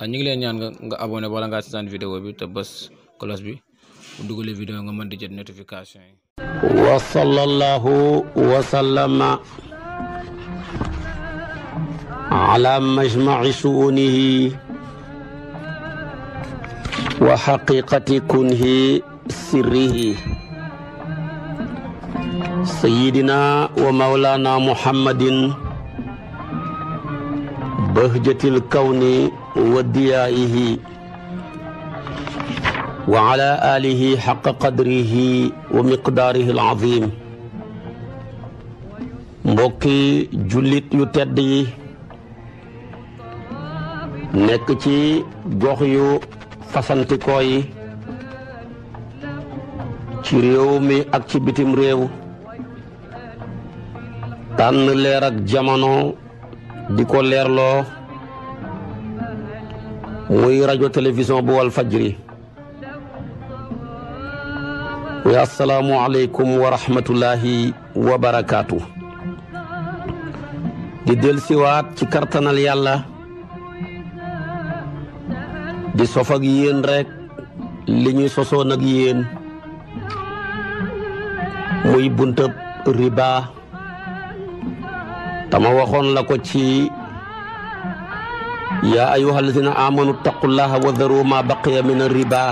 ñu ngi leen ñaan nga abonné wala nga assistant vidéo bi te bëss class bi bu dugulé vidéo nga mën di jot notification wa sallallahu wa sallama ala majma'i suunihi wa haqiqati kunhi sirrihi sayyidina wa maulana muhammadin bahjatil kawni wa diyaa'ihi wa ala alihi xaqa qadrihi wa miqdaarihi alazim mbokki jullit yu tedd yi nekk ci gox yu fasantikoo yi ci réew mi ak ci bitim réew tànn leer ak jamono di ko leerloo muy rajo télévision bu wal fajri muy asalaamu aleykum wa rahmatullahi wa barakaatu di delsiwaat ci kartanal yàlla di sof ak yéen rekk li ñuy sosoon ak yéen muy buntab riba dama waxoon la ko ci yaa ayuha alladina amanu taqullaha wa daru ma baqiya min arriba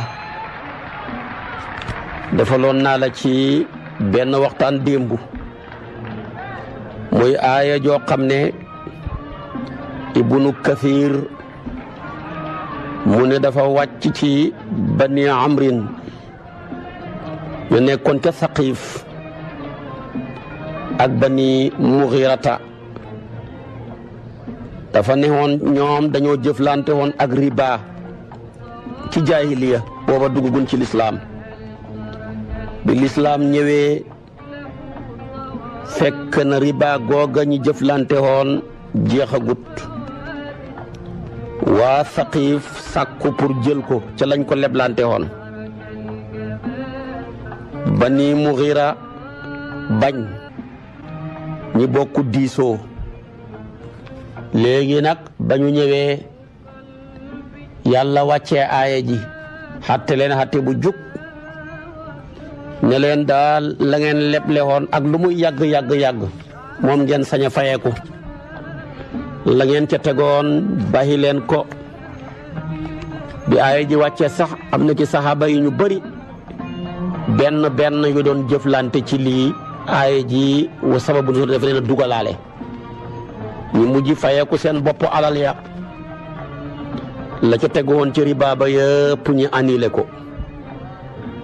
defaloon naa la ci benn waxtaan démb muy aaya joo xam ibnu kathir mu dafa wàcc ci bani amrin ñu nekkoon ca saqiif ak bani mughirata dafa ne ñoom dañoo jëflante woon ak riba ci jaahiliya booba duggugun ci lislaam bi lislaam ñëwee fekk na riba googa ñi jëflante woon jeexagut waa saqiif sàkku pour jël ko ca lañ ko leblante woon ba ni mu xiira bañ ñi bokku diisoo léegi nag ba ñëwee yàlla wàcce aaya ji xatte leen xatte bu jub ne leen daal la ngeen leble woon ak lu muy yàgg yàgg yàgg moom ngeen sañ a fayeeku la ngeen ca tegoon bàyyi leen ko bi aaya ji wàccee sax am na ci saxaaba yi ñu bëri benn benn yu doon jëflante ci lii aaya ji wa sababu nu def leen a dugalaale ñu mujj fayeeku seen bopp alal ya la ca tegoon ci riba ba yëpp ñi annulé ko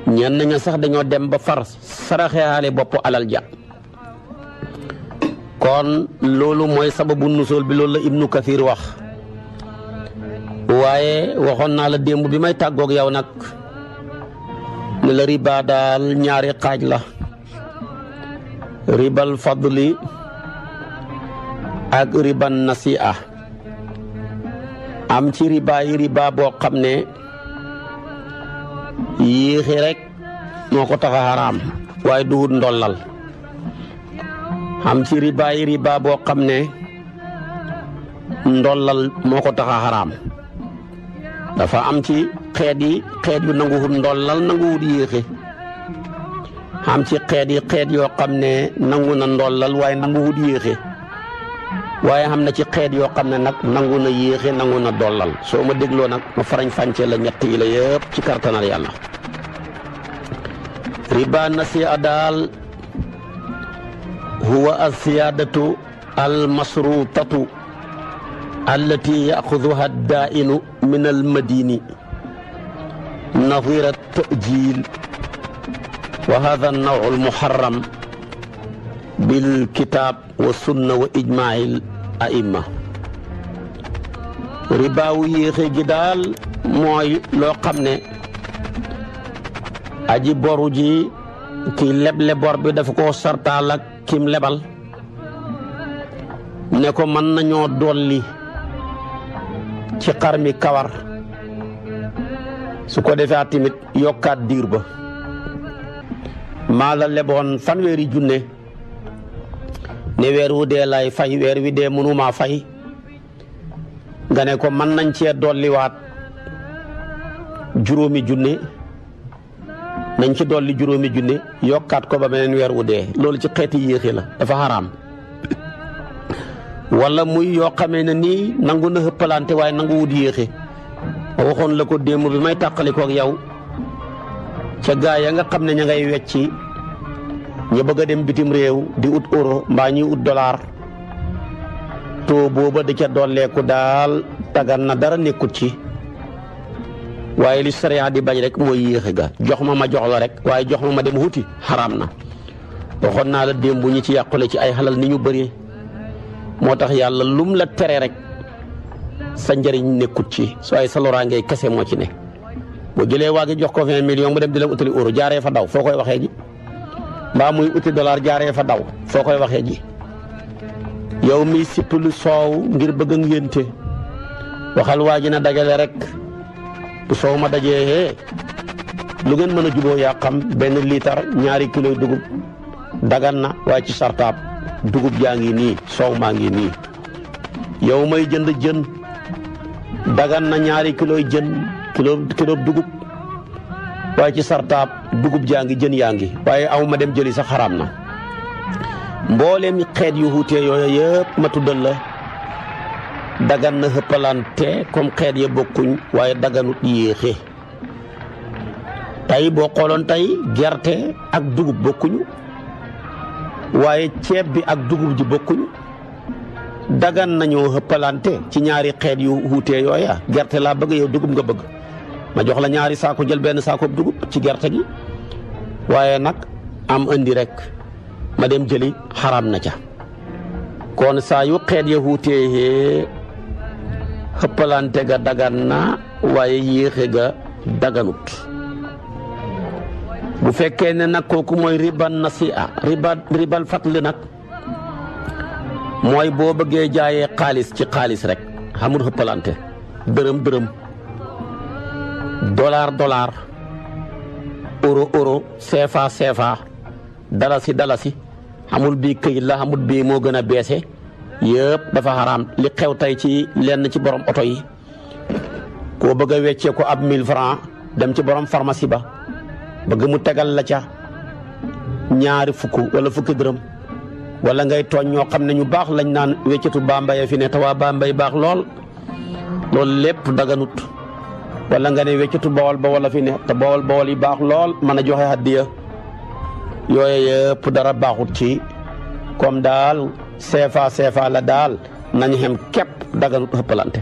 ñenn ña sax dañoo dem ba far saraxeaale bopp alal ja kon loolu mooy sababu nusul bi loolu ibnu kathir wax waaye waxoon naa la démb bi may tàggoog yow nag ne la riba daal ñaari xaaj la ribal fadli ak riban nasi'a am ci riba yi riba boo xam ne yéexe rek moo ko tax a xaraam waaye duhut ndollal am ci riba yi boo xam ne ndollal moo ko tax xaraam dafa am ci xeet yi xeet yu nanguwut ndollal nanguwut yéexi am ci xeet yi xeet yoo xam ne nangu na ndollal waaye nanguwut yéexe waye amna ci xeet yo xamné nak nanguna yéxé nanguna dolal nangu na dollal ma dégloo nag ma farañ fanché la ñett yi la yëpp ci cartonal yàlla riba nasi adal huwa alsiyaadatu almasruutatu allati yaxuduha daainu min almadini nadira tajil wa hada alnawu almuharram بالكتاب والسنة وإجماع aima ribaawu yéexe gi daal mooy loo xam ne aji boru ji kii leble bi dafa ko sartaal ak kim lebal ne ko mën nañoo dolli ci xar mi kawar su ko defee tamit yokkaat diir ba maa la leboon fanweeri junne ne weer wu dee lay fay weer wi dee mënumaa fay nga ne ko mën nañ cee dolliwaat juróomi junne nañ ci dolli juróomi junne yokkaat ko ba beneen weer wu dee loolu ci xeeti yéexe la dafa xaraam wala muy yoo xamee ne nii nangu na hëppalante waaye nangu wut yéexe waxoon la ko démb bi may tàqali ko ak yow ca gaa ya nga xam ne ña ngay wecci ñu bëgg a dem bitim réew di ut euro mbaa ñuy ut dollar taux booba da ca dolleeku daal tagan na dara nekkut ci waaye li sariya di bañ rek mooy yéexe ga jox ma ma jox la rek waaye jox ma ma dem wuti xaraam na waxoon naa la démb ñi ci yàqule ci ay xalal ni ñu bëri moo tax yàlla lum la tere rek sa njëriñ nekkut ci so ay sa moo ci ne boo jëlee waa jox ko vingt mu dem di la utali euro jaaree fa daw foo koy waxee ji ba muy uti dollar jaaré fa daw sokoy waxé ji yow mi sipp soow ngir bëgg ngénte waxal waji na dagalé rek bu sooma dajé hé lu gën mëna jubo ya xam ben liter ñaari kilo dugub dagan na wa ci sartab dugub jaangi ni soow ma ngi ni yow may jënd jën dagan na ñaari kilo jën kilo kilo dugub waaye ci sartaab dugub jaa ngi jën yaa ngi waaye aw ma dem jëli sa xaraam na mbooleem xeet yu wuutee yooyu yëpp ma tuddal la dagan na xëppalante comme xeet ya bokkuñ waaye daganut yéexe tey boo xooloon tey gerte ak dugub bokkuñu waaye ceeb bi ak dugub ji bokkuñu dagan nañoo xëppalante ci ñaari xeet yu wuutee yooya gerte laa bëgg yow dugub nga bëgg ma jox la ñaari saako jël benn saako dugub ci gerte gi waaye nag am indi rek ma dem jëli xaraam na ca kon saa yu xeet ya he, xëppalante ga dagan na waaye yéexe ga daganut bu fekkee ne nag kooku mooy riban nasi'a riba ribal fatli nag mooy boo bëggee jaayee xaalis ci xaalis rek xamul xëppalante dërëm dërëm dollar dollar euro euro CFA CFA dalasi dalasi amul bii këyit la amul bii moo gën a beese yëpp dafa xaraam li xew tey ci lenn ci borom oto yi koo bëgg a weccee ko ab 1000 francs dem ci borom pharmacie ba bëgg mu tegal la ca ñaari fukk wala fukki dërëm wala ngay tooñ ñoo xam ne ñu baax lañ naan wéccatu bambaye fi ne te waa mbay baax lool loolu lépp daganut wala nga ne wéccatu bawol ba wala fi ne te bawol bawol yi baax lool mën a joxe hadiya yooyu yëpp dara baaxut ci comme daal seefa seefa la daal nañ xem képp daganut xëppalante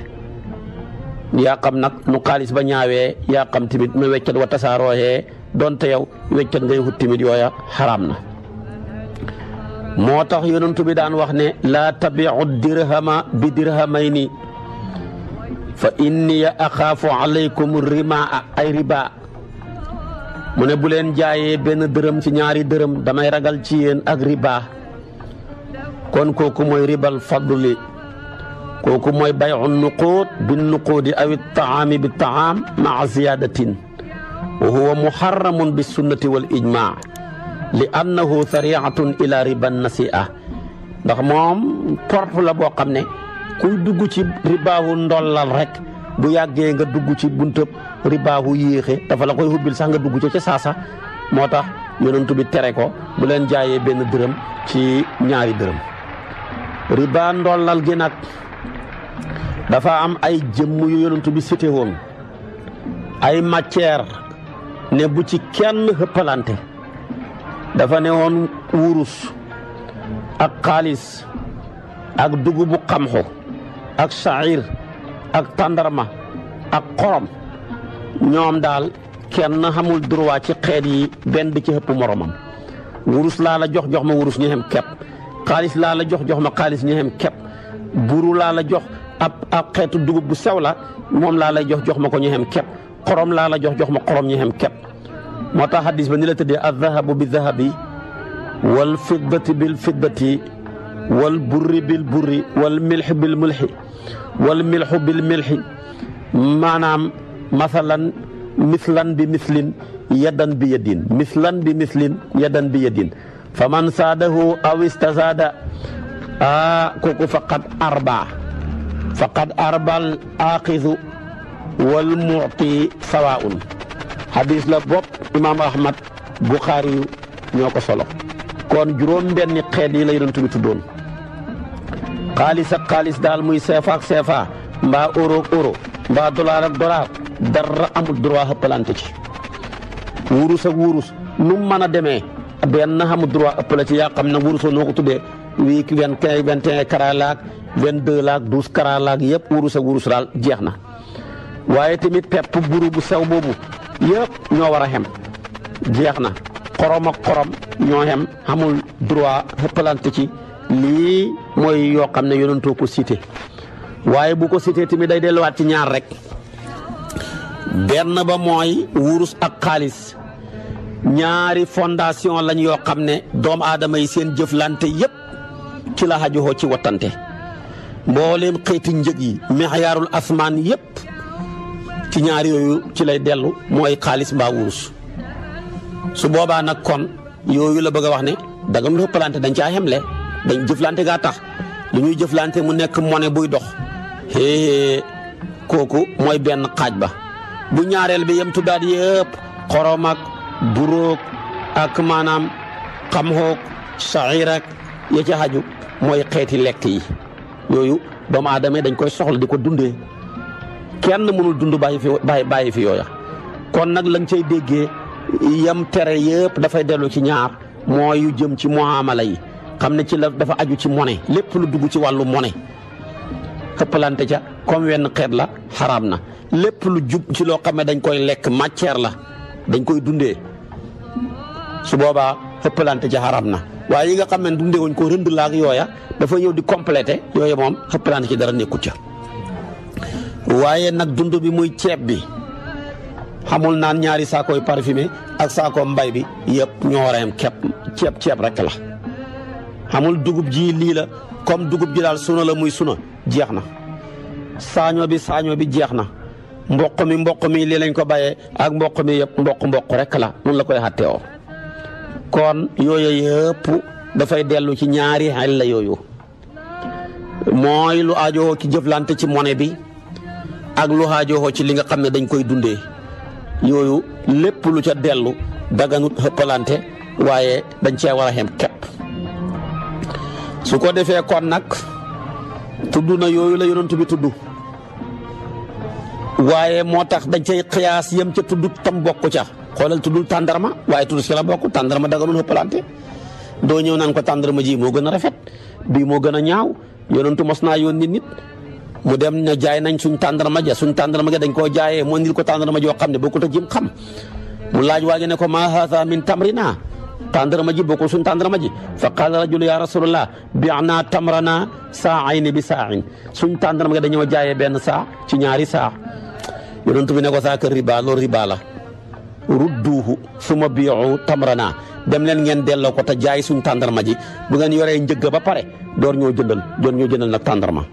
yaa xam nag nu xaalis ba ñaawee yaa xam timit nu weccat wa tasaarooyee donte yow weccat ngay hut timit yooya xaraam na moo tax bi daan wax ne laa tabiu dirhama bi dirhamayni فإني أخاف عليكم الرماء أي ربا من بولين جاي بين درم سي نياري درم داماي راغال سي يين اك ربا كون كوكو موي ربا الفضل كوكو موي بيع النقود بالنقود او الطعام بالطعام مع زياده وهو محرم بالسنه والاجماع لانه سريعه الى ربا النسيئه داخ موم بورت لا بو خامني kuy dugg ci ribaahu ndollal rek bu yàggee nga dugg ci buntëb ribaahu yéexe dafa la koy hubbil sax nga dugg ci ca saasa moo tax yonentu bi tere ko bu leen jaayee benn dërëm ci ñaari dërëm riba ndollal gi nag dafa am ay jëmm yu yonentu bi cité woon ay matière ne bu ci kenn hëppalante dafa ne woon wurus ak xaalis ak dugubu xamxu ak saayir ak tàndarma ak xorom ñoom daal kenn xamul droit ci xeet yi benn bi ci xëpp moromam wurus laa la jox jox ma wurus ñu xem kepp xaalis laa la jox jox ma xaalis ñu xem kepp buru laa la jox ab xeetu dugub bu sew la moom laa lay jox jox ma ko ñu xem kepp xorom laa la jox jox ma xorom ñu kepp moo tax hadis ma ni la tëddee al dahabu bi dahabi wal fiddati bil fiddati والبر بالبر والملح بالملح والملح بالملح ما نعم مثلا مثلا بمثل يدا بيد مثلا بمثل يدا بيد فمن ساده او استزاد آه فقد اربع فقد اربع الاخذ والمعطي سواء حديث لبوب امام احمد بخاري نيوكو سولو كون جروم بن خيد لا يونتو تودون xaalis ak xaalis daal muy CFA ak CFA mbaa euro ak mbaa dollar ak dollar dara amul droit ëppalante ci wurus ak wurus nu mu mën a demee benn amul droit ëppale ci yaa xam ne wurusoo noo ko tuddee wii ki vingt quinze vingt et un carats laag vingt deux laag yëpp wurus ak wurus daal jeex na waaye tamit pepp buru bu sew boobu yépp ñoo war a xem jeex na xorom ak xorom ñoo xem amul droit xëppalante ci lii mooy yoo xam ne yonentoo ko cité waaye bu ko cité tamit day delluwaat ci ñaar rek benn ba mooy wurus ak xaalis ñaari fondation lañ yoo xam ne doomu aadama yi seen jëflante yépp ci la xajuxoo ci wattante mbooleem xeeti njëg yi mexyaarul asmaan yépp ci ñaar yooyu ci lay dellu mooy xaalis mbaa wurus su boobaa nag kon yooyu la bëgg a wax ne dagam lu ëppalante dañ caa xemle dañ jëflante gaa tax lu ñuy jëflante mu nekk monnaie buy dox xéexée kooku mooy benn xaaj ba bu ñaareel bi yem tuddaat yëpp xorom ak buróog ak maanaam xamxoog saxiir ak ya ca xaju mooy xeeti lekk yi yooyu doomu aadama dañ koy soxla di ko dundee kenn mënul dund bàyyi fi bàyyi fi yooya kon nag lañ cay déggee yam tere yëpp dafay dellu ci ñaar mooy yu jëm ci muamala yi xam ne ci la dafa aju ci mone lépp lu dugg ci wàllu mone xëppalante ca comme wenn xeet la xaraam na lépp lu jub ci loo xam ne dañ koy lekk matière la dañ koy dundee su boobaa xëppalante ca xaraam na waaye yi nga xam ne dundee wuñ ko rënd laak yooya dafa yëw di complété yooya moom xëppalante ci dara nekkut ca waaye nag dund bi muy ceeb bi. xamul naan ñaari saakooy parfumé ak saakoo mbay bi yëpp ñoo war a yem kepp ceeb ceeb rek la xamul dugub ji lii la comme dugub ji daal suna la muy suno jeex na saaño bi saaño bi jeex na mboq mi mboq mi lii lañ ko bayee ak mboq mi yëpp mboq mboq rek la mun la koy xatte oo kon yooyu yëpp dafay dellu ci ñaari xel la yooyu mooy lu aajowoo ci jëflante ci monnaie bi ak lu aajowoo ci li nga xam ne dañ koy dundee yooyu lépp lu ca dellu daganut xëppalante waaye dañ cee war a kepp su ko defee kon nag tudd na yooyu la yonent bi tudd waaye moo tax dañ cay xiyaas yem ca tudd tam bokk ca xoolal tuddul tàndarma waaye tudd si la bokk tàndarma daganul xëppalante doo ñëw naan ko tàndarma ji moo gën a rafet bii moo gën a ñaaw yonentu mos naa yónni nit mu dem ne jaay nañ suñ tàndarma ja suñ tàndarma ja dañ koo jaayee mu andil ko tàndarma joo xam ne bokkut ak jim xam mu laaj waa ji ne ko ma haza min tamrina tàndarma ji bokkul suñ tàndarma ji fa qaala rajulu ya rasulullah bi'na tamrana sa'ayn bi sa'in suñ tàndarma ja dañoo jaayee benn saa ci ñaari saa yonent bi ne ko saa kër riba loolu riba la rudduuhu suma bi'u tamrana dem leen ngeen delloo ko te jaay suñ tàndarma ji bu ngeen yoree njëgg ba pare door ñoo jëndal door ñoo jëndal nag tàndarma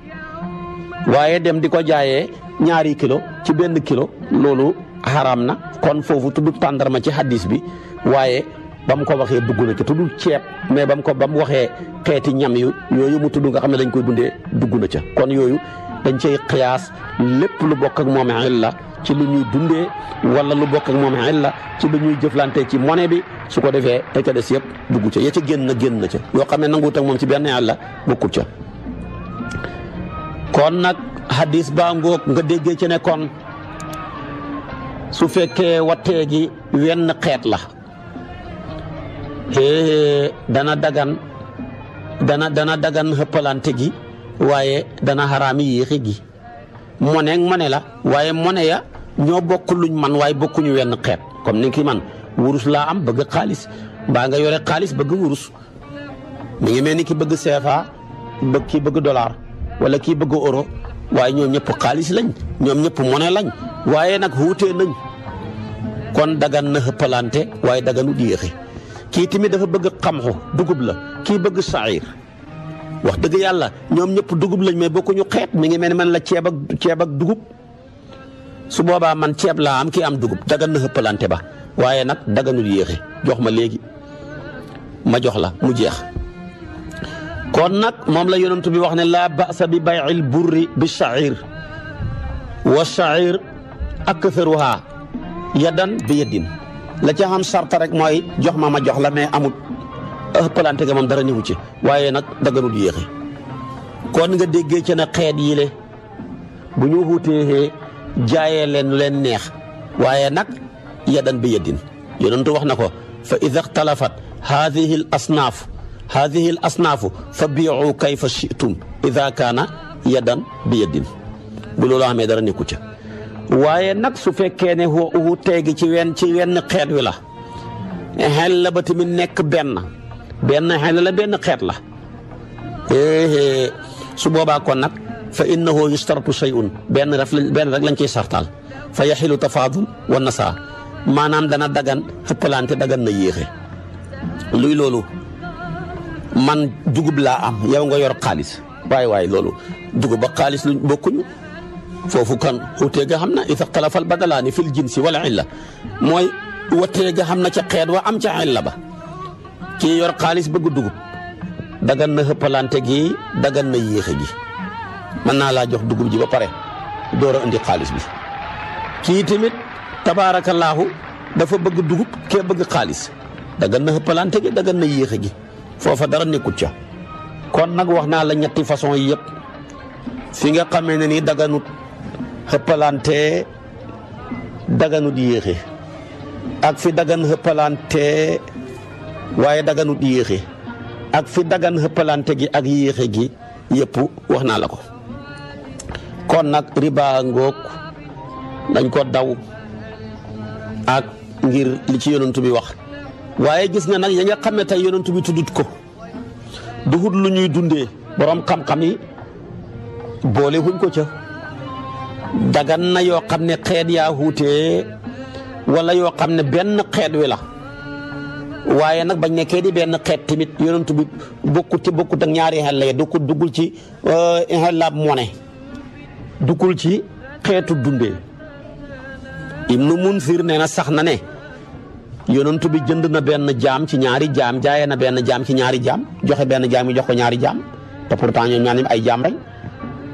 waaye dem di ko jaayee ñaari kilo ci benn kilo loolu xaraam na kon foofu tudd tàndarma ci hadis bi waaye ba mu ko waxee dugg na ci tuddul ceeb mais ba mu ko ba mu waxee xeeti ñam yu yooyu mu tudd nga xam ne dañ koy dundee dugg na ca kon yooyu dañ cay xiyaas lépp lu bokk ak moom la ci lu ñuy dundee wala lu bokk ak moom la ci lu ñuy jëflante ci monnaie bi su ko defee te ca des yëpp dugg ca ya ca génn na génn na ca yoo xam ne nanguut ak moom ci benn yàlla bokkut ca kon nak hadis ba ngok nga déggee ci ne kon su fekke watte gi wenn xet la eh dana dagan dana dana dagan heppalante gi waye dana harami yéexi gi ak mone la waye moné ya ño bokku luñ man bokku ñu wenn xet comme ni ki man wurus la am bëgg xaalis ba nga yoré bëgg wurus mi ngi melni ki bëgg CFA bëgg ki bëgg dollar wala kii bëgg euro waaye ñoom ñëpp xaalis lañ ñoom ñëpp monnaie lañ waaye nag wuutee nañ kon dagan na xëppalante waaye daganu di yéexe kii tamit dafa bëgg xamxu dugub la kii bëgg saayir wax dëgg yàlla ñoom ñëpp dugub lañ may bokkuñu xeet mi ngi mel ni man la ceeb ak ceeb ak dugub su boobaa man ceeb laa am kii am dugub dagan na xëppalante ba waaye nag daganu di yéexe jox ma léegi ma jox la mu jeex. kon nag moom la yonent bi wax ne laa ba'sa bi bay'il burri bi sha'ir wa sha'ir aktharuha yadan bi yadin la ca xam sarta rek mooy jox ma ma jox la mais amut ëppalante ga moom dara ñëwu ci waaye nag daganul yéexi kon nga déggee ci na xeet yi le bu ñu wuutee jaayee leen lu leen neex waaye nag yadan bi yadin yonentu wax na ko fa ida ixtalafat hadihi al asnaaf haadihi l asnaafu fa biicu kayfa shitum ida kaana yadan bi yadin bu loolu amee dara nekku ca waaye nag su fekkee ne huwa uhu teegi ci wenn ci wenn xeet wi la xel la ba tamit nekk benn benn xel la benn xeet la su boobaa kon nag fa innahu yustaratu shay'un benn raf benn rek lañ ciy sartaal fa yaxilu tafaadul wa nasaa maanaam dana dagan xëppalante dagan na yéexe luy loolu man dugub laa am yow nga yor xaalis waaye waaye loolu dugub ba xaalis lu bokkuñu foofu kan xuutee ga xam na ita xalafal badalaani fil jinsi wala illa mooy watee ga xam na ca xeet wa am ca illa ba kii yor xaalis bëgg dugub dagan na xëppalante gi dagan na yéexe gi mën naa laa jox dugub ji ba pare door a indi xaalis bi kii tamit tabaarakallaahu dafa bëgg dugub kee bëgg xaalis dagan na xëppalante gi dagan na yéexe gi fofa dara nekkut ca kon nak waxna la ñetti façon yi fi nga ni daganut xëppalante daganut ak fi dagan waye waaye daganut yéexe ak fi dagan heppalanté gi ak yéexe gi yëpp waxna la ko kon nag riba ngok dañ ko daw ak ngir li ci yonantu bi wax waaye gis nga nag ya nga xam ne tey yonent bi tuddut ko duhut lu ñuy dundee borom xam-xam yi boole huñ ko ca dagan na yoo xam ne xeet ya xuutee wala yoo xam ne benn xeet wi la waaye nag bañ nekkee di benn xeet tamit yonent bi bokkut ci ak ñaari xel la du ko duggul ci xelaab euh, mone duggul ci xeetu dundee ibnu munzir nee na sax na ne yonent bi jënd na benn jaam ci ñaari jaam jaayee na benn jaam ci ñaari jaam joxe benn jaam yi jox ko ñaari jaam te pourtant ñoom ñaar ay jaam lañ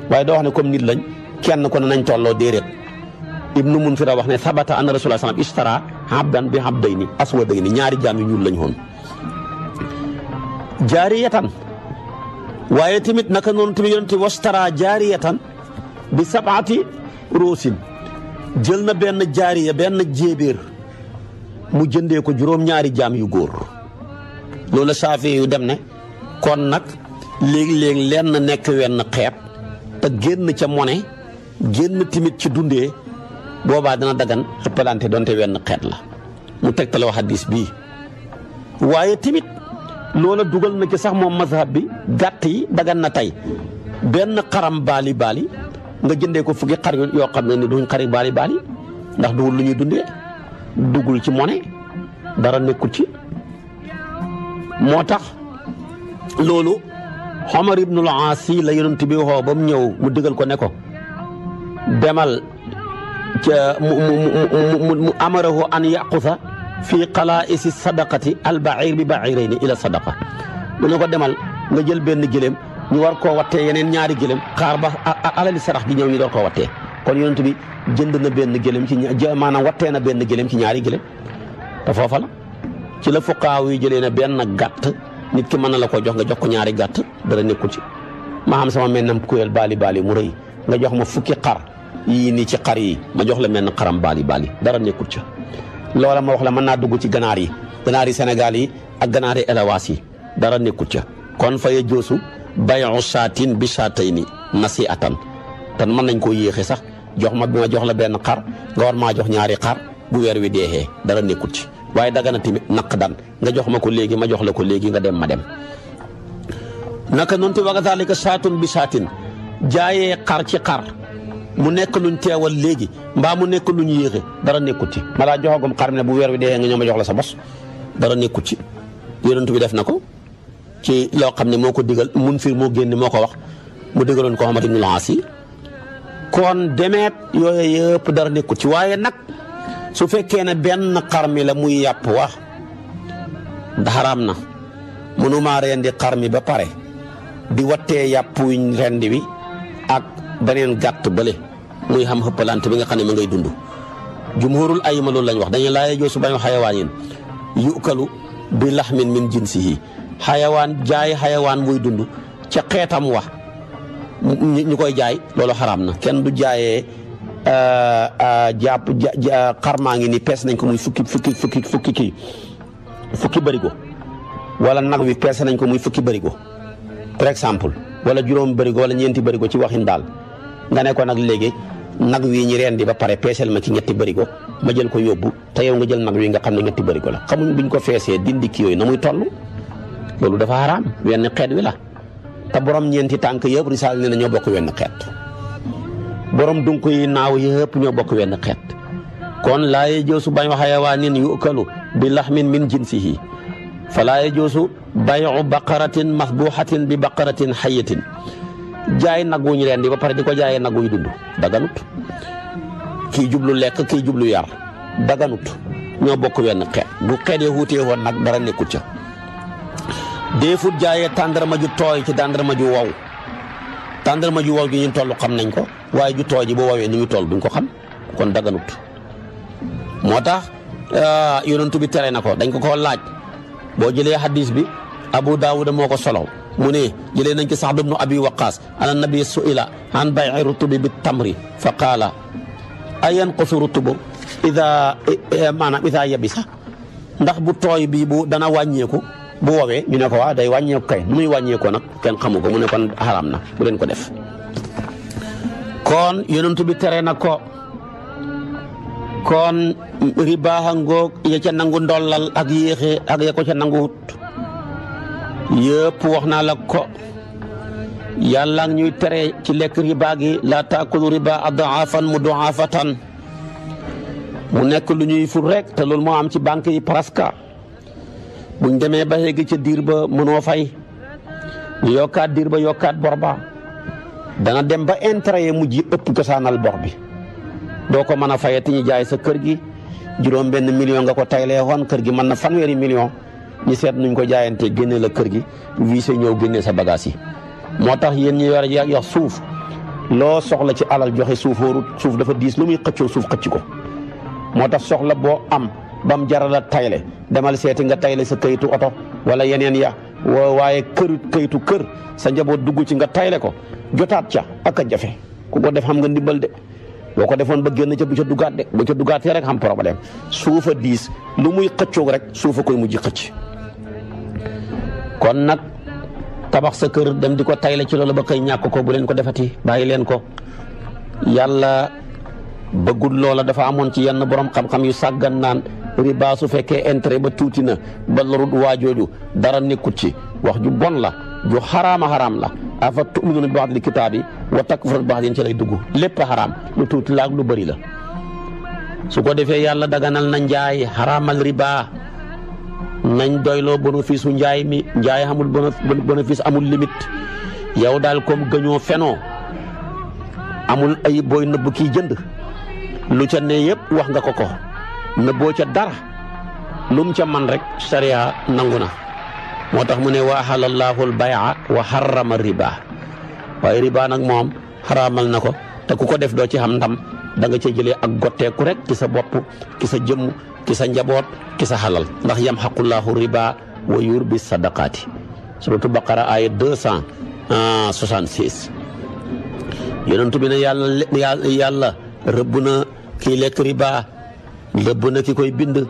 waaye doo wax ne comme nit lañ kenn kon ne nañ tolloo déedéet ibnu munfira wax ne sabata anna rasulullah sallam istara abdan bi abdayni aswadayni ñaari jaam yu ñuul lañ woon jaariyatan waaye tamit naka noonu tamit yonent wastara jaariyatan bi sabaati ruusin jël na benn jaariya benn mu jëndee ko juróom-ñaari jaam yu góor loolu saafee yu dem ne kon nag léegi-léegi lenn nekk wenn xeet te génn ca mone génn timit ci dundee boobaa dana dagan ëppalante donte wenn xeet la mu tegtale wax hadis bii waaye timit loola dugal na ci sax moom mazhab bi gàtt yi dagan na tey benn xaram baali baali nga jëndee ko fukki xar yoo xam ne ni duñ xari baali baali ndax duwul lu ñuy dunde duggul ci monnaie dara nekkul ci moo tax loolu Omar ibnul Aas la yonent bi waxoo ba mu ñëw mu digal ko ne ko demal ca mu mu mu amarahu an yaqusa fii xalaa'isi sadaqati al ba'iir bi ni ila sadaqa mu ne ko demal nga jël benn gëléem ñu war koo wattee yeneen ñaari gëléem xaar ba alali sarax ji ñëw ñu door koo wattee kon yonent bi jënd na benn gëlëm ci ña maanaam wattee na benn gëlëm ci ñaari gëlëm te foofa la ci la fuqaaw yi jëlee na benn gàtt nit ki mën la ko jox nga jox ko ñaari gàtt dara nekkul ci ma am sama mennam kuyel baali baali mu rëy nga jox ma fukki xar yii ni ci xar yi ma jox la menn xaram baali baali dara nekkul ca loola ma wax la mën naa dugg ci ganaar yi ganaar yi Sénégal yi ak ganaar yi yi dara nekkul ca kon joosu bayu saatin bi nasiatan tan mën nañ koo sax jox ma ma jox la ben xar nga war jox ñaari xar bu wer wi deexee dara nekkut ci waaye dagana tamit nak dan nga jox ma legi ma jox la ko léegi nga dem ma dem naka non te waga zalika saatun bi saatin jaaye xar ci xar mu nek luñ teewal legi mba mu nek luñ yexe dara ci mala xar ne bu wer wi deexee nga ñoma jox la sa boss dara ci bi def nako ci lo xamne moko digal mun mo genn moko wax mu digaloon ko xamati ñu kon demet yooyu yëpp dar nekkut ci waaye nak su fekkee na ben xar la muy yàpp wa xaraam na mënumaa rendi xar ba pare di wattee yap wuñ rendi wi ak benen gatt bële muy xam xëppalante bi nga xam ma ngay dund jumhurul ayima loolu lañ wax dañ su bañu yin yukalu bi lahmin min jinsihi hayawan jaay hayawan muy dund ci xeetam wax ñukoy jaay lolu haram na kenn du euh, euh japp karma ngi ni pess nañ ko muy fukki fukki fukki fukki ki fukki go wala nag wi pess nañ ko muy fukki go par exemple wala bari go, wala bari go ci waxin dal nga ne ko nag léegi nag wi ñi rendi ba pare pessel ma ci ñetti go, ma jël ko yobbu te yow nga jël nag wi nga xam ñetti bari go la xamuñ buñ ko fessé dindi ki yoy na muy toll loolu dafa haram wenn xéet wi la te borom ñeenti tànk yëpp risaal ne na ñoo bokk wenn xeet borom dunk yi naaw yëpp ñoo bokk wenn xeet kon laa ye joosu bayu xayawaanin yukalu bi laxmin min jinsihi fa laa ye joosu bayu baqaratin masbuxatin bi baqaratin xayatin jaay nag wuñu leen di ba pare di ko jaayee nag wuñu dund daganut kii jublu lekk kii jublu yar daganut ñoo bokk wenn xeet bu xeet ya wuutee woon nag dara nekkut ca defut jaaye tandarma ju toy ci tandarma ju wow tandarma ju wow gi ñu tollu xam nañ ko waye ju toy ji bo wowee ni ñu toll duñ ko xam kon daganut motax ah, yonentu bi tere nako dañ ko ko laaj bo hadis bi abu Dawud moo ko solow mu ne nañ ci sa'd ibn abi waqaas ana nabi suila an bay'i rutubi bit tamri fa qala ayan qosu rutubu ida eh, eh, mana ida yabisa ndax bu toy bi bu dana bu woowee ñu ne ko waa day wàññeeku kay muy wàññeekoo nag kenn xamu ko mu ne kon xaraam na bu leen ko def. kon yonent bi tere na ko kon ribaaxa ngoog ya ca nangu ndollal ak yéexe ak ya ko ca nanguwut yëpp wax naa la ko yàlla ñuy tere ci lekk riba gi la taakulu riba adaafan mu doafatan mu nekk lu ñuy ful rek te loolu moo am ci banque yi presque buñ démé ba yegg ci dir ba mëno fay ñu yokkaat diir ba yokkaat borba da dana dem ba intérêt ya mu ji ëpp sanal bor bi do ko mëna a fayee ñi jaay sa kër gi juroom benn million nga ko taylé hon kër gi mëna fan wéri million ñi sét nuñ ko jaayanté génne la kër gi sé ñew génne sa bagage yi motax yeen ñi yor ya suuf lo soxla ci alal joxe suuf suuf dafa diis lu muy xëccu suuf xëcc ko motax soxla bo am bam jaral a tayle demal seeti nga tayle sa kayitu oto wala yeneen ya waaye kër kayitu kër sa njaboot dugg ci nga tayle ko jotaat ca aka jafe ku ko def xam nga ndimbal de boo ko defoon ba génn ca bu ca duggaat de bu ca duggaatee rek xam problème suufa diis lu muy xëccoog rek suufa koy mujj xëcc kon nag tabax sa kër dem di ko tayle ci loolu ba xëy ñàkk ko bu leen ko defati bàyyi leen ko yàlla bëggul loola dafa amoon ci yenn boroom xam-xam yu sàggan naan riba su fekkee intérêt ba tuuti na ba lorut waajooju dara nekkut ci wax ju bon la ju xaraama xaraam la afa tuminuuna bi ba'dil kitaabi wa takfuruuna bi ba'd yéen ci lay dugg lépp a xaraam lu tuuti la ak lu bari la su ko defee yàlla daganal na njaay xaraamal riba nañ doyloo bénéfice u njaay mi njaay amul bénéfice amul limite yow daal comme gëñoo fenoo amul ay booy nëbb kii jënd lu ca ne yëpp wax nga ko ko nëbboo ca dara lu ca man rek sariya nangu na moo tax mu ne wa ahalallaahu al-bay'a wa harrama riba waaye riba nag moom xaraamal na ko te ku ko def doo ci xam ndam da nga cee jëlee ak gotteeku rek ci sa bopp ki sa jëmm ki sa njaboot ki sa xalal ndax yam xaqullaahu riba wa yurbi sadaqaati suratu baqara aaya deux cent euh, soixante-six yonentu bi ne yàlla yàlla rëbb na kii lekk riba rëbb na ki koy bind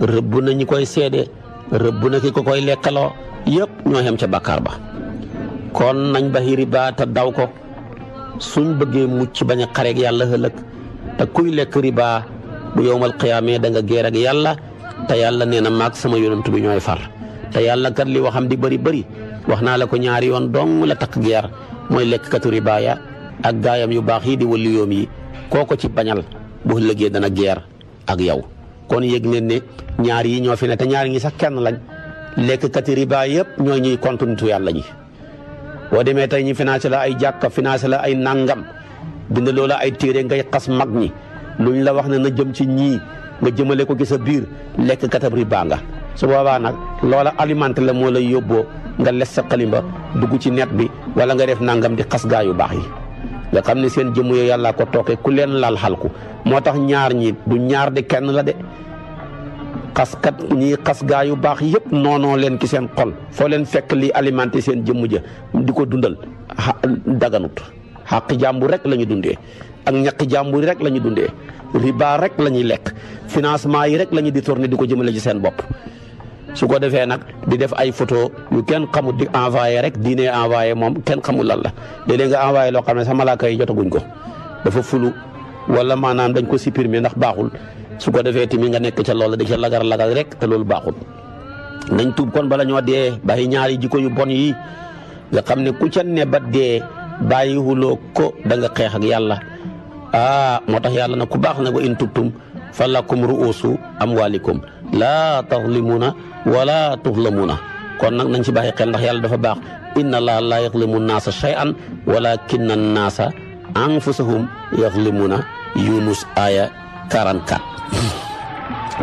rëbb na ñi koy seede rëbb na ki ko koy lekkaloo yépp ñoo xem ca bàkkaar ba kon nañ ba riba te daw ko suñ bëggee mucc bañ a xareeg yàlla ëllëg te kuy lekk riba bu yowmal xiyaamee danga nga ak yàlla te yàlla nee na maag sama yonent bi ñooy far te yàlla kat li xam di bari bari wax naa la ko ñaari yoon dong la takk geer mooy lekk katu riba ya ak gaayam yu baax yi di wëlli yoom yi kooko ci bañal bu ëllëgee dana geer ak yow kon yëg leen ne ñaar yi ñoo fi ne te ñaar ñi sax kenn lañ lekkati riba yëpp ñoo ñuy kontuntu yàlla ñi boo demee tey ñu financé la ay jàkka financé la ay nàngam bind loola ay téere ngay xas mag ñi luñ la wax ne na jëm ci ñii nga jëmale ko ci sa biir lekk katab riba nga su boobaa nag loola alimenté la moo lay yóbboo nga les sa xalimba dugg ci net bi wala nga def nàngam di xas gaa yu baax yi nga xam ne seen jëmm yooyu yàllaa ko tooke ku leen lal xalku moo tax ñaar ñi du ñaar di kenn la de xaskat ñii xas gaa yu baax yëpp noonoo leen ki seen xol foo leen fekk li alimenté seen jëmm ja di ko dundal daganut xàq jàmbur rek la ñu dundee ak ñaqi jàmbur rek la ñu dundee riba rek la ñuy lekk financement yi rek la ñu di tourné di ko jëmale ci seen bopp su ko defee nag di def ay photo yu kenn xamul di envoyé rek diine envoyé moom kenn xamu lan la léeg nga envoyé loo xam ne sa malaaka yi jotaguñ ko dafa fulu wala maanaam dañ ko supprimer ndax baaxul su ko defee tamit nga nekk ca loola di ca lagar lagar rek te loolu baaxul nañ tuub kon bala ñoo dee bàyyi ñaari jikko yu bon yi nga xam ne ku ca ne ba dee bàyyiwuloo ko da nga xeex yàlla ah moo tax yàlla na ku baax na ko in tubtum falakum ru'usu amwalikum La tazlimuna wala tuhlamuna kon nak nañ ci bàyyi xel ndax yalla dafa bax inna la la yazlimu nasa shay'an walakinna nasa anfusuhum yazlimuna yunus aya 44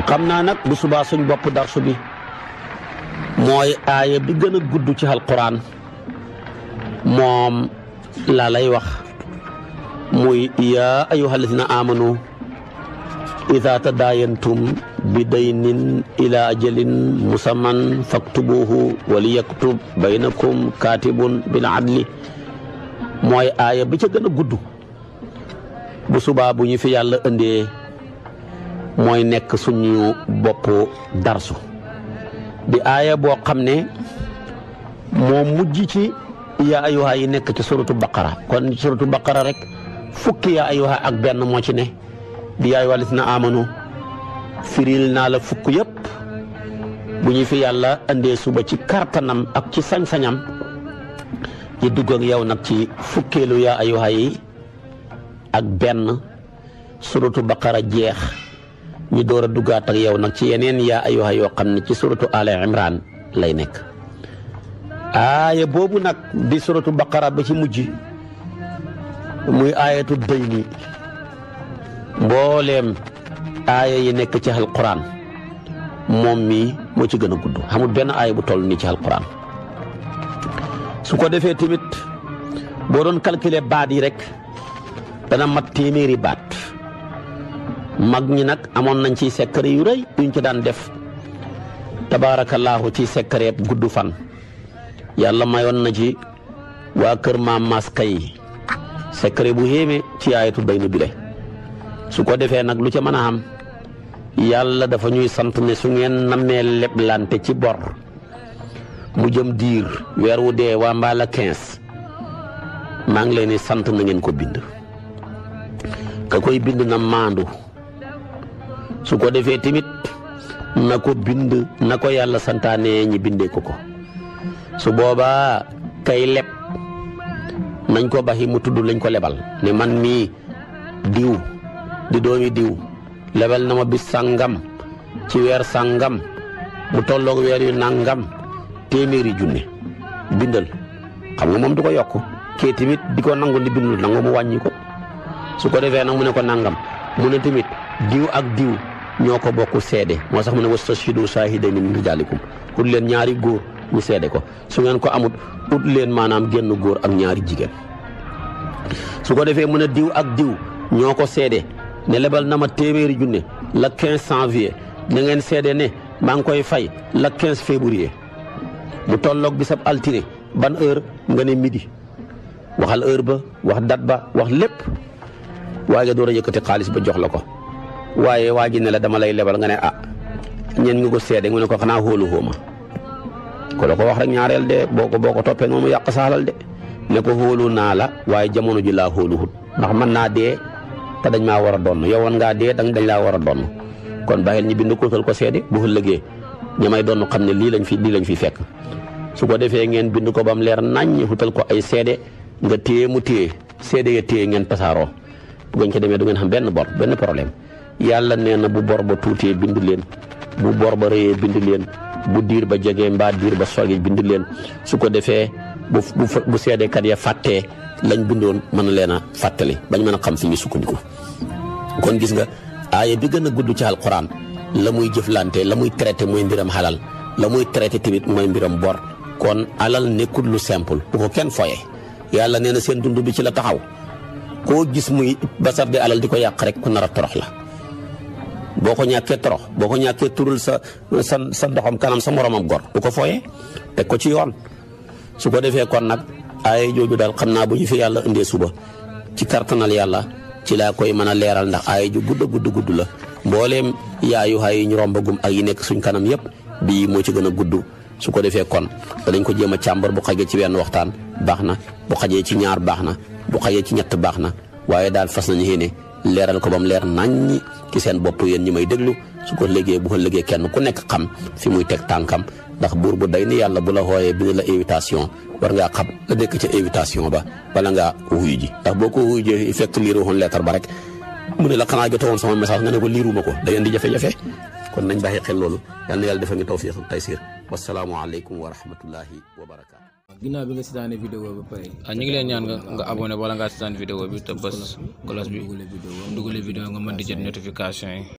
xamna nak bu suba suñ bopp darsu bi moy aya bi gëna a gudd ci alquran mom la lay wax muy ya ayyuhallazina amanu ida tadaayantum bi daynin ila ajalin musamman faktubuhu wali yaktub baynakum katibun bil adli mooy aaya bi ca gën a gudd bu subaa bu ñu fi yàlla indee mooy nekk suñu bopp darsu di aaya boo xam ne moo mujj ci yaa ayuha yi nekk ci suratu baqara kon suratu baqara rek fukki yaa ayuha ak benn moo ci ne bi yaay walis na amano firil naa la fukk yépp bu ñu fi yàlla indee suba ci kartanam ak ci sañ-sañam ñu dugg ak yow nag ci fukkeelu yaa ayuha yi ak benn suratu baqara jeex ñu door a duggaat ak yow nag ci yeneen yaa ayuha yoo xam ne ci suratu al imran lay nekk aaya boobu nag bi suratu baqara ba ci mujj muy aayatu dayni mbooleem aaya yi nekk ci alquran moom mii moo ci gën a gudd xamul benn aaya bu toll nii ci alquran su ko defee tamit boo doon calculer baat yi rek dana mat téeméeri baat mag ñi nag amoon nañ ci sekkare yu rëy yuñ ci daan def tabaarakallaahu ci sekkareeb gudd fan yàlla mayoon na ci waa kër maam maas kay sekkare bu yéeme ci aayatu baynu bile su ko defee nag lu ca mën a am yàlla dafa ñuy sant ne su ngeen nammee leblante ci bor mu jëm diir weer wu dee waa mbaala 15 maa ngi leen di sant na ngeen ko bind ka koy bind na maandu su ko defee tamit na ko bind na ko yàlla santaane ñi bindee ko ko su boobaa kay leb nañ ko baxi mu tudd lañ ko lebal ne man mii diw di doomi diw level nama ma bis sanggam ci weer sangam bu tollok weer yu nangam téeméeri junne bindal xam nga mom du ko yokk kee tamit di nangu di bindul nangu mu wàññi ko su ko defé nak mu ne ko nangam mu ne timit diw ak diw ñoko ko sédé mo sax mu ne wastashhidu shahida min rijalikum kul len ñaari goor mu sédé ko su ngeen ko amut ut len manam genn goor ak ñaari jigen su ko defé mu ne diw ak diw ñoko sédé ne lebal na ma téeméeri junne la quinze janvier na ngeen seede ne maa ngi koy fay la quinze février mu tolloog bisab altine ban heure nga ne midi waxal heure ba wax date ba wax lépp waaye nga door a yëkkati xaalis ba jox la ko waaye waa ji ne la dama lay lebal nga ne a ah, ñeen nga ko seede mu ne ko xanaa xóolu xóoma ko la ko wax rek ñaareel de boo ko boo ko toppee moom yàq saalal de ne ko naa la waaye jamono ji laa xóolu xut ndax mën naa dee te dañ maa war a donn yow woon ngaa dee dañ laa war a donn kon bàyyil ñi bind kóotal ko seede bu ëllëgee ñi may donn xam ne lii lañ fi lii lañ fi fekk su ko defee ngeen bind ko ba mu leer naññ xutal ko ay seede nga téye mu téye seede ya téye ngeen pasaaroo bu ngeen ci demee du ngeen xam benn bor benn problème yàlla nee na bu bor ba tuutee bind leen bu bor ba rëyee bind leen bu diir ba jegee mbaa diir ba sogee bind leen su ko defee bu seede kat ya fàttee lañ bindoon mën leena a fàttali bañ mën a xam fi ñu sukkandiku kon gis nga aaya bi gën a gudd ci alquran la muy jëflante la muy traité mooy mbiram halal la muy traité timit mooy mbiram bor kon alal nekkul lu simple bu ko kenn foye yàlla nee na seen dund bi ci la taxaw koo gis muy basar de alal di ko yàq rek ku nar a torox la boo ko torox boo ko turul sa sa sa doxam kanam sa moromam gor bu ko foye teg ko ci yoon su ko defee kon nag aaya jooju daal xam naa bu ñu fi yàlla indee suba ci kartanal yàlla ci laa koy mën a leeral ndax aaya ju gudd gudd gudd la mbooleem yaayu xay yi ñu rombagum ak yi nekk suñ kanam yépp bii moo ci gën a gudd su ko defee kon danañ ko jéem a càmbar bu xajee ci benn waxtaan baax na bu xajee ci ñaar baax na bu xajee ci ñett baax na waaye daal fas nañu yéene leeral ko ba mu leer naññi ci seen bopp yéen ñi may déglu su ko liggéey bu ko liggéey kenn ku nekk xam fi muy teg tànkam ndax buur bu day ni yàlla bu la xooyee bi ni la invitation war ngaa xam la nekk ca invitation ba bala ngaa ko ji ndax boo ko wuyu ji fekk liiru woon lettre ba rek mu ne la xanaa jote woon sama message nga ne ko liiruma ko da ngeen di jafe-jafe kon nañ bàyyi xel loolu yal na yàlla defal ñu tawfiq ak taysiir aleykum wa rahmatullahi wa barakaatu ginnaaw bi nga seetaanee vidéo ba pare. ah ñu ngi leen nga abonné wala ngaa seetaan vidéo bi te bës cloche bi dugale vidéo nga mën di jot yi.